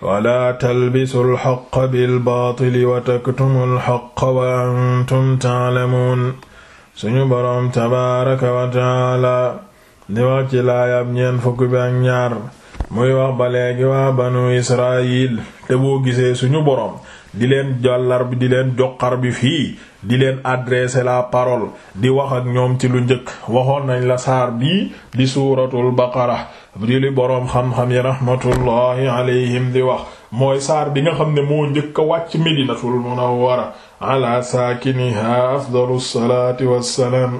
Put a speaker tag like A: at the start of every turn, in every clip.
A: wala talbisu alxaqa bilbaatili wa taktumu alxaqa wa antum taalamuun suñu boroom tabaaraka wa taala di wax ci laayab ñeen fukki bi ak ñaar muy wax ba léegi waa banu israil te boo gisee suñu boroom di leen jàllar bi di leen joxar bi fii di leen adresser la parole di wax ñoom ci lu njëkk waxoon nañ la saar bi di suuratul baqara di li boroom xam-xam yi rahmatullahi alayhim di wax mooy saar bi nga xam ne moo njëkk a wàcc medinatul munawwara ala saakiniha afdalu salaati wassalaam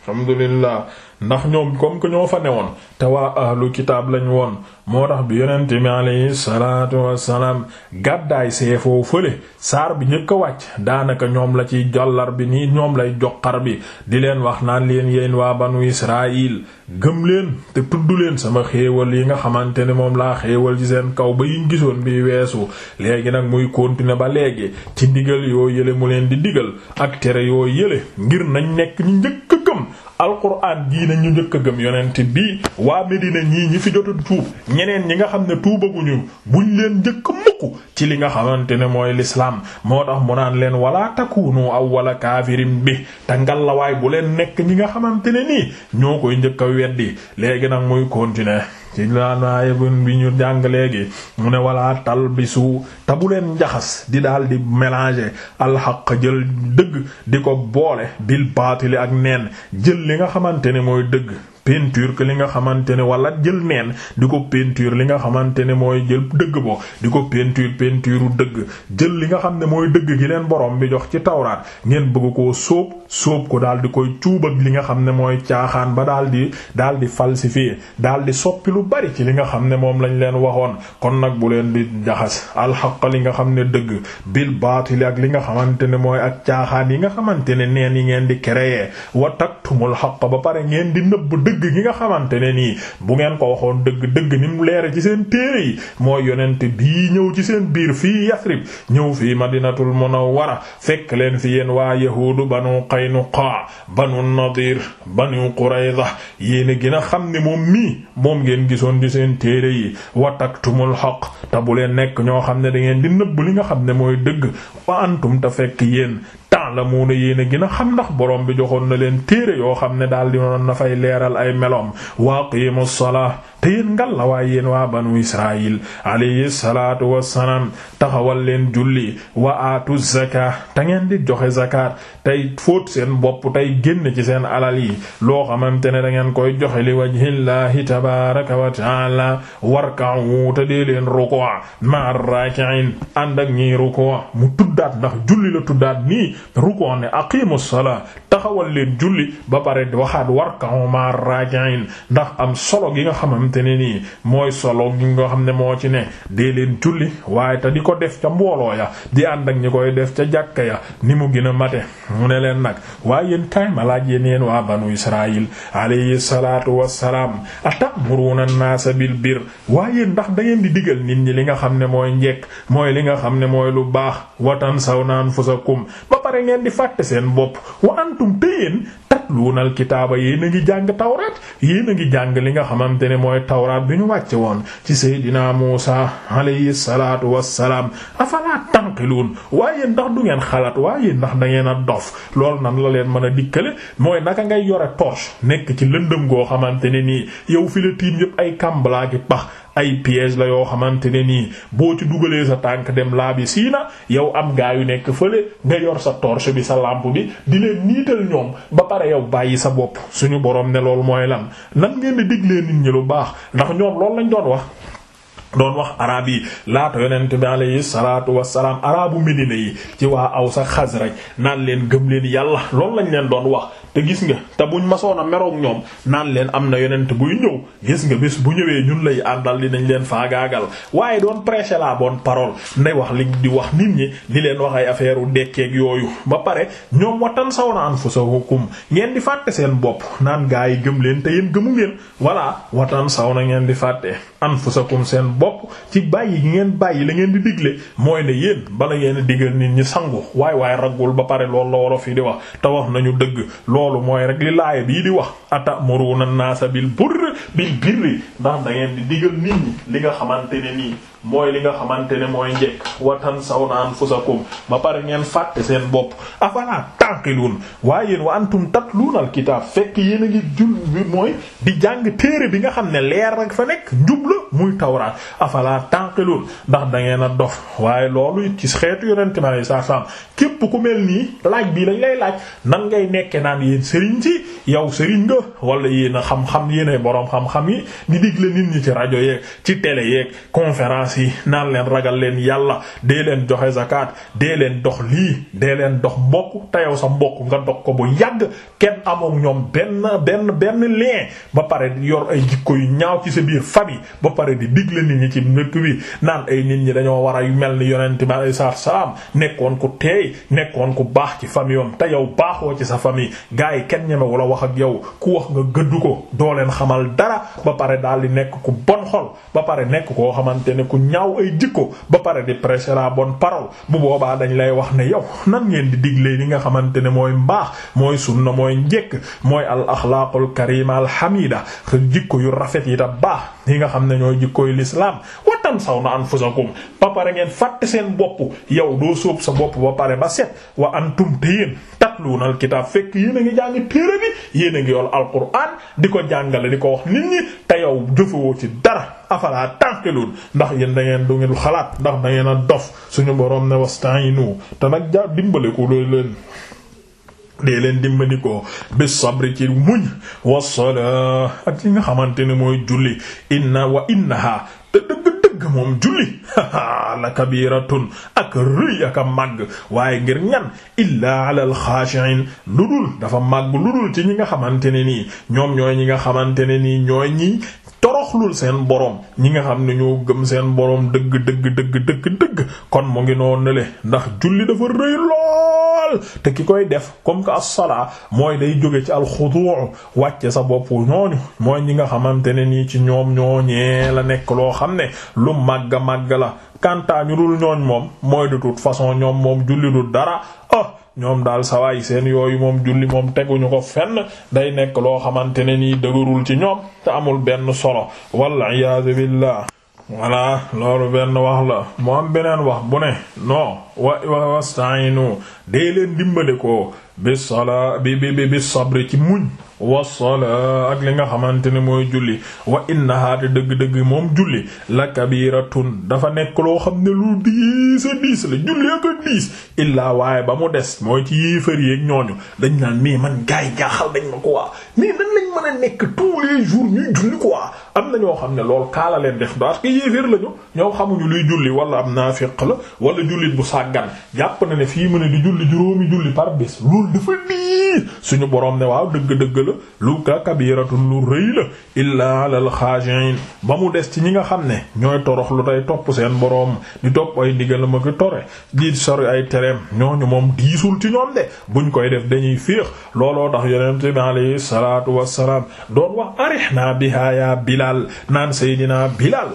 A: alhamdulillah ndax ñoom comme que ñoo fa newoon te waa ahlu kitaab lañ woon moo tax bi yonent bi alayhi salaatu wassalaam gàddaay seefoo fële saar bi njëkk a wàcc daanaka ñoom la ci jollar bi nii ñoom lay joqar bi di leen wax naan leen yéen waa banu Israayil gëm leen te tudd leen sama xéewal yi nga xamante ne moom laa xéewal ci seen kaw ba yiñ gisoon bi weesu léegi nag muy continuer ba léegi ci digal yoo yële mu leen di digal ak tere yoo yële ngir nañ nekk ñu njëkk alquran jii nañ ñu njëkk a gëm yonent bi waa Medina ñii ñi fi jotu tuub ñeneen ñi nga xam ne tuubaguñu buñ leen jëkk mukk ci li nga xamante ne mooy lislaam moo tax mu naan leen wala aw awwala kaafirin bi te ngallawaay bu leen nekk ñi nga xamante ne nii ñoo koy njëkk a weddi léegi nag muy continuer ci laanaaya bun bi ñu jàng leegi mu ne walaa bi te tabu leen njaxas di daal di mélanger alxaq jël dëgg di ko boole bil baatili ak neen jël li nga xamante ne mooy dëgg peinture que li nga xamante ne wala jël neen di ko peinture li nga xamante ne mooy jël dëgg bo di ko peinture peinture dëgg jël li nga xam ne mooy dëgg gi leen borom bi jox ci tawraat ngeen bëgg koo sóob sóob ko daal di koy cuubat li nga xam ne mooy caaxaan ba daal di daal di falsifier daal di soppi lu bari ci li nga xam ne moom lañ leen waxoon kon nag bu leen di jaxas alxaq li nga xam ne dëgg bil baatil ak li nga xamante ne mooy ak caaxaan yi nga xamante ne neen yi ngeen di créer wa taktumul xaq ba dëgg gi nga xamante ne nii bu ngeen ko waxoon dëgg dëgg ni mu leere ci seen téere yi mooy yonent bii ñëw ci seen biir fii Yasrib ñëw fii ma dinatul Madinatul wara fekk leen fi yéen waa yahuudu banu Qaynuqa banu Nadir banu Qurayza yéen a gën a xam ne moom mii moom ngeen gisoon ci seen téere yi wa taktumul haqq te leen nekk ñoo xam ne da ngeen di nëbb li nga xam ne mooy dëgg wa antum te fekk yéen ta'lamuuna yéen a gën a xam ndax borom bi joxoon na leen téere yoo xam ne daal di noon na fay leeral ay meloom wa aqiimu salaah te yéen ngal la waaye yéen waa banu israil alayhi salaatu wassalaam taxawal leen julli wa aatu zaka te ngeen di joxe zakat tey fóot seen bopp tey génn ci seen alal yi loo xamante ne da ngeen koy joxe li wajhillahi tabaraka wa taala warka'u te dee leen ruku' ma'a raki'in ànd ak ñiy ruku' mu tuddaat ndax julli la tuddaat nii ruku' ne aqimu salaa taxawal leen julli ba pare di waxaat warka'u ma'a raki'in ndax am solo gi nga xamam xamante ne nii mooy solo gi nga xam ne moo ci ne dee leen julli waaye te di ko def ca mbooloo ya di ànd ak ñi koy def ca jàkk ya ni mu gën a mate mu ne leen nag waaye yéen kay ma laaj yéen yéen waa banu israil alayhi salaatu wassalaam atamuruna naasa bil bir waaye ndax da di digal nit ñi li nga xam ne mooy njekk mooy li nga xam ne mooy lu baax watan saw naan fusakum ba pare ngeen di fàtte seen bopp wa antum te yéen tatluunal kitaaba yéen a ngi jàng tawraat yéen a ngi jàng li nga xamante ne mooy tawraat bi ñu wàcce woon ci seydina Muusa alayhi salaatu wassalaam afalaa tanqiluun waaye ndax du ngeen xalaat waaye ndax da ngeen a dof loolu na la leen mën a dikkale mooy naka ngay yore toos nekk ci lëndam goo xamante ne nii yow fi la tiim yëpp ay kàmbalaaki pax ay piège la yoo xamante ne nii boo ci dugalee sa tànk dem laa bi siina yow am gaa yu nekk fële nga yor sa torche bi sa lampe bi di leen niital ñoom ba pare yow bàyyi sa bopp suñu borom ne mooy lan nan ngeen di diglee nit ñi lu baax ndax ñoom loolu lañ doon wax. doon wax araab yi laata yonent bi alayhi salaatu wassalaam araabu medina yi ci waa aw sa rek naan leen gëm leen yàlla loolu lañ leen doon wax te gis nga te buñ masoon a meroog ñoom naan leen am na yonent buy ñëw gis nga bés bu ñëwee ñun lay àndal dinañ leen faagaagal waaye doon prêcher la bonne parole nday wax li di wax nit ñi di leen wax ay affaire u dekkeeg yooyu ba pare ñoom watan saw na anfusakum ngeen di fàtte seen bopp naan gaa yi gëm leen te yéen gëmu ngeen voilà watan saw na ngeen di fàtte an anfusakum seen bopp ci bàyyi gi ngeen bàyyi la ngeen di digle mooy ne yéen bala ngeen digal nit ñi sangu waaye waaye raggul ba pare lool la wolof yi di wax te wax nañu loolu mooy rek li laaya bii di wax atamuruna an-nasa bil burri bil birri ndax da ngeen di digal nit ñi li nga xamante ne nii mooy li nga xamante ne mooy njekk wa tansawna anfusakum ba pare ngeen fàtte seen bopp afala taqilun waaye yéen wa antum tatluuna alkitaab fekk yéen a ngi jul mooy di jàng téere bi nga xam ne leer rek fa nekk njub la muy tawraat afala taqilun ndax da ngeen a dof waaye loolu it ci xeetu yonente mi alei saatu salaam képp ku mel nii laaj bii lañ lay laaj nan ngay nekke naan yéen sëriñ ci yow sëriñ nga wala yéen a xam-xam yéen ay boroom xam-xam yi di digle nit ñi ci rajo yeeg ci télé yeeg conférence ustaas yi naan leen ragal leen yàlla dee leen joxe zakat dee leen dox lii dee leen dox mbokk te yow sa mbokk nga dox ko bu yàgg kenn amoon ñoom benn benn benn lien ba pare di yor ay jikko yu ñaaw ci sa biir famille ba pare di digle nit ñi ci nëkk bi naan ay nit ñi dañoo war a mel ni yonent bi alayhi salaatu salaam nekkoon ku teey nekkoon ku baax ci famille am te yow baaxoo ci sa famille gars yi kenn ñeme la wax ak yow ku wax nga gëddu ko doo leen xamal dara ba pare daal di nekk ñaaw ay jikko ba pare di prêcher la bonne parole bu boobaa dañ lay wax ne yow nan ngeen di diglee li nga xamante ne mooy mbaax mooy sunna mooy njekk mooy al axlaaqul karima al hamida jikko yu rafet yi ta baax yi nga xam ne ñooy jikkoy lislaam watan saw na anfusakum ba pare ngeen fatt seen bopp yow doo sóob sa bopp ba pare ba set wa antum te yéen tatluuna al fekk yéen a ngi jàng téere bi yéen a ngi yool alquran di ko jàngale di ko wax nit ñi te yow jëfewoo taqilun ndax yéen dangeen ngeen du ngeen xalaat ndax da ngeen a dof suñu boroom ne wasta'inu te nag ja dimbale ko loolu leen dee leen dimbali ko bi sabri ci muñ wa salaa ak li nga xamante ne mooy julli inna wa innaha te dëgg moom julli la kabiratun ak rëy ak a màgg waaye ngir ñan illaa ala alxaashiin lu dul dafa màgg lu dul ci ñi nga xamante ne nii ñoom ñooy ñi nga xamante ne nii ñooy ñi toroxlul seen borom ñi nga xam ne ñoo gëm seen borom dëgg dëgg dëgg dëgg dëgg kon mu ngi noonu ne ndax julli dafa rëy lool te ki koy def comme que as-salaa mooy day jóge ci alxuduu wàcce sa bopp ñooñu mooy ñi nga xamante ne nii ci ñoom ñooñee la nekk loo xam ne lu màgg màgg la kanta ñu dul ñooñ moom mooy de façon ñoom moom julli dara ñoom daal sawaay seen yooyu moom julli moom teguñu ko fenn day nekk loo xamante ne nii dëgërul ci ñoom te amul benn solo wal iyaadu billah voilà loolu benn wax la mu am beneen wax bu ne non wa wasta'inu dee leen dimbale ko bi salaa bi bi bi sabri ci muñ wasalaa ak li nga xamante ne mooy julli wa innaha te moom julli la kabiratun dafa nekk loo xam ne lu diis waaye ba mu des mooy ci yéefar yeeg dañ naan mais man gaay yi dañ ma ko am na ñoo xam ne lool kaala def parce que yéefar lañu ñoom xamuñu wala am naafiq la wala jullit bu sàggan jàpp na ne fii mu ne di julli juróomi julli par bés loolu dafa nii borom ne waaw dëgg-dëgg lu ka kabiratun lu rëy la illaa ba mu des ci ñi nga xam ne ñooy torox lu seen borom di topp ay ma ko tore di ay tereem ñooñu moom diisul ci ñoom de buñ koy def dañuy féex looloo tax yonent bi alayhi salaatu wassalaam doon wax arihna biha ya Bilal naan Seydina Bilal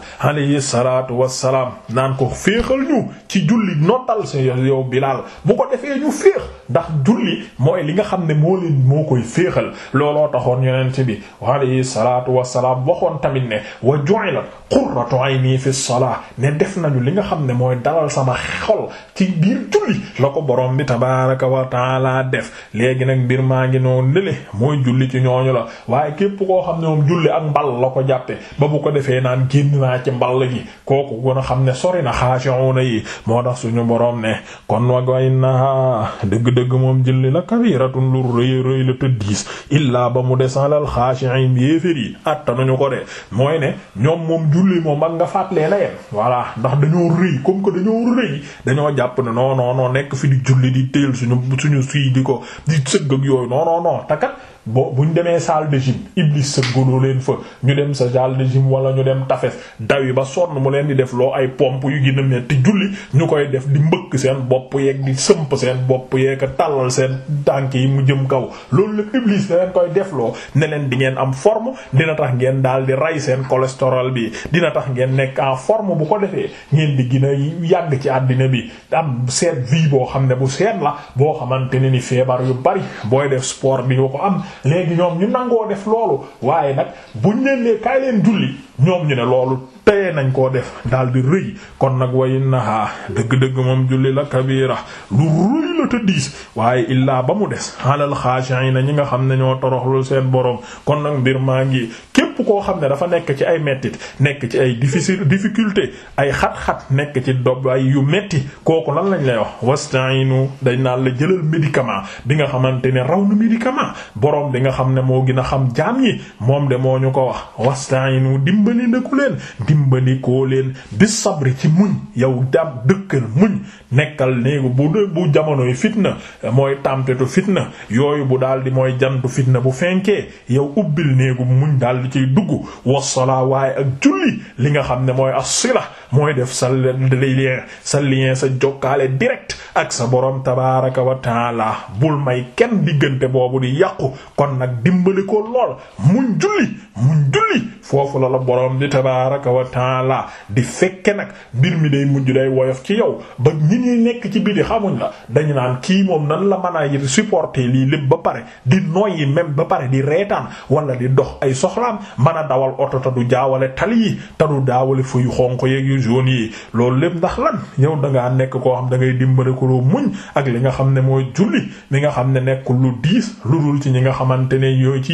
A: salaatu wassalaam naan ko féexal ñu ci julli nottal si yow Bilal bu ko defee ñu féex ndax julli mooy li nga xam ne moo leen moo koy féexal loolo taxoon yonent bi alayhi salaatu wassalaam waxoon tamit ne wa ju'ilat qurratu ayni fi sola ne def nañu li nga xam ne mooy daral sama xol ci biir julli la ko borom bi tabaaraka wa taala def léegi nag mbir maa ngi noonu lële mooy julli ci ñooñu la waaye képp koo xam ne moom julli ak mbal la ko jàppe ba bu ko defee naan génn naa ci mbal gi kooku gën a xam ne sori na xaashi'una yi moo tax suñu borom ne dëgg moom julli la kabiratun lu rëy rëy la te illaa ba mu des alal xaashi'in yéefér yi attanuñu ko de mooy ne ñoom moom julli moom mag nga fàttalee la yem voilà ndax dañoo rëy comme ko dañoo rëy dañoo jàpp ne non non non nekk fi di julli di teel suñu suñu suy di ko di sëgg ak yooyu non non bo bu ñu demee salle de gym iblis sëggaloo leen fa ñu dem sa salle de gym wala ñu dem tafes daw yi ba sonn mu leen di def loo ay pompe yu gën a metti julli ñu koy def di mbëkk seen bopp yeeg di sëmp bopp yeeg a tàllal seen tànk yi mu jëm kaw loolu la iblis koy def ne leen di ngeen am forme dina tax ngeen daal di rey seen cholestérol bi dina tax ngeen nekk en forme bu ko defee ngeen di gën a yàgg ci àddina bi am seet vie boo xam ne bu seet la boo xamante ne ni feebar yu bari booy def sport bi nga ko am léegi ñoom ñu nangoo def loolu waaye nag bu leen lee kaay leen julli ñoom ñu ne loolu teye nañ koo def daal di rëy kon nag wa innaha dëgg-dëgg moom julli la kabira lu rëy la te waaye illaa ba mu des alal xaashi'ina ñi nga xam ne ñoo toroxlu seen borom kon nag mbir maa ngi képp koo xam ne dafa nekk ci ay mettit nekk ci ay difficile difficulté ay xat-xat nekk ci dob ay yu metti kooku lan lañ lay wax yi nu dañ naan la jëlal médicament bi nga xamante ne raw nu médicament borom bi nga xam ne moo gën a xam jaam yi moom de moo ñu ko wax wasta'inu dimbali ndëku leen dimbali koo leen di sabri ci muñ yow dam dëkkal muñ nekkal néegu bu dee bu jamonoy fitna mooy tamtetu fitna yooyu bu dal di mooy jantu fitna bu fenkee yow ubbil néegu muñ dugg wasalaa waaye ak julli li nga xam ne mooy a sila mooy def sa lien sa lien sa jokkaale direct ak sa borom tabaraka wa bul may kenn diggante boobu di yàqu kon nag dimbali ko lool julli muñ julli foofu la la borom bi tabaaraka wa taala di fekke nag mbir mi day mujj day woyof ci yow ba ñi ñuy nekk ci biti xamuñ la dañu naan kii moom nan la mën a supporter lii lépp ba pare di yi même ba pare di reetaan wala di dox ay soxlaam mën a dawal oto ta du jaawale tali yi te du daawale fuy xonq yeeg yu jaune yi loolu lépp ndax lan yow da nekk koo xam da ngay dimbale ko loo muñ ak li nga xam ne mooy julli li nga xam ne nekkul lu diis lu nga xamante ne yooyu ci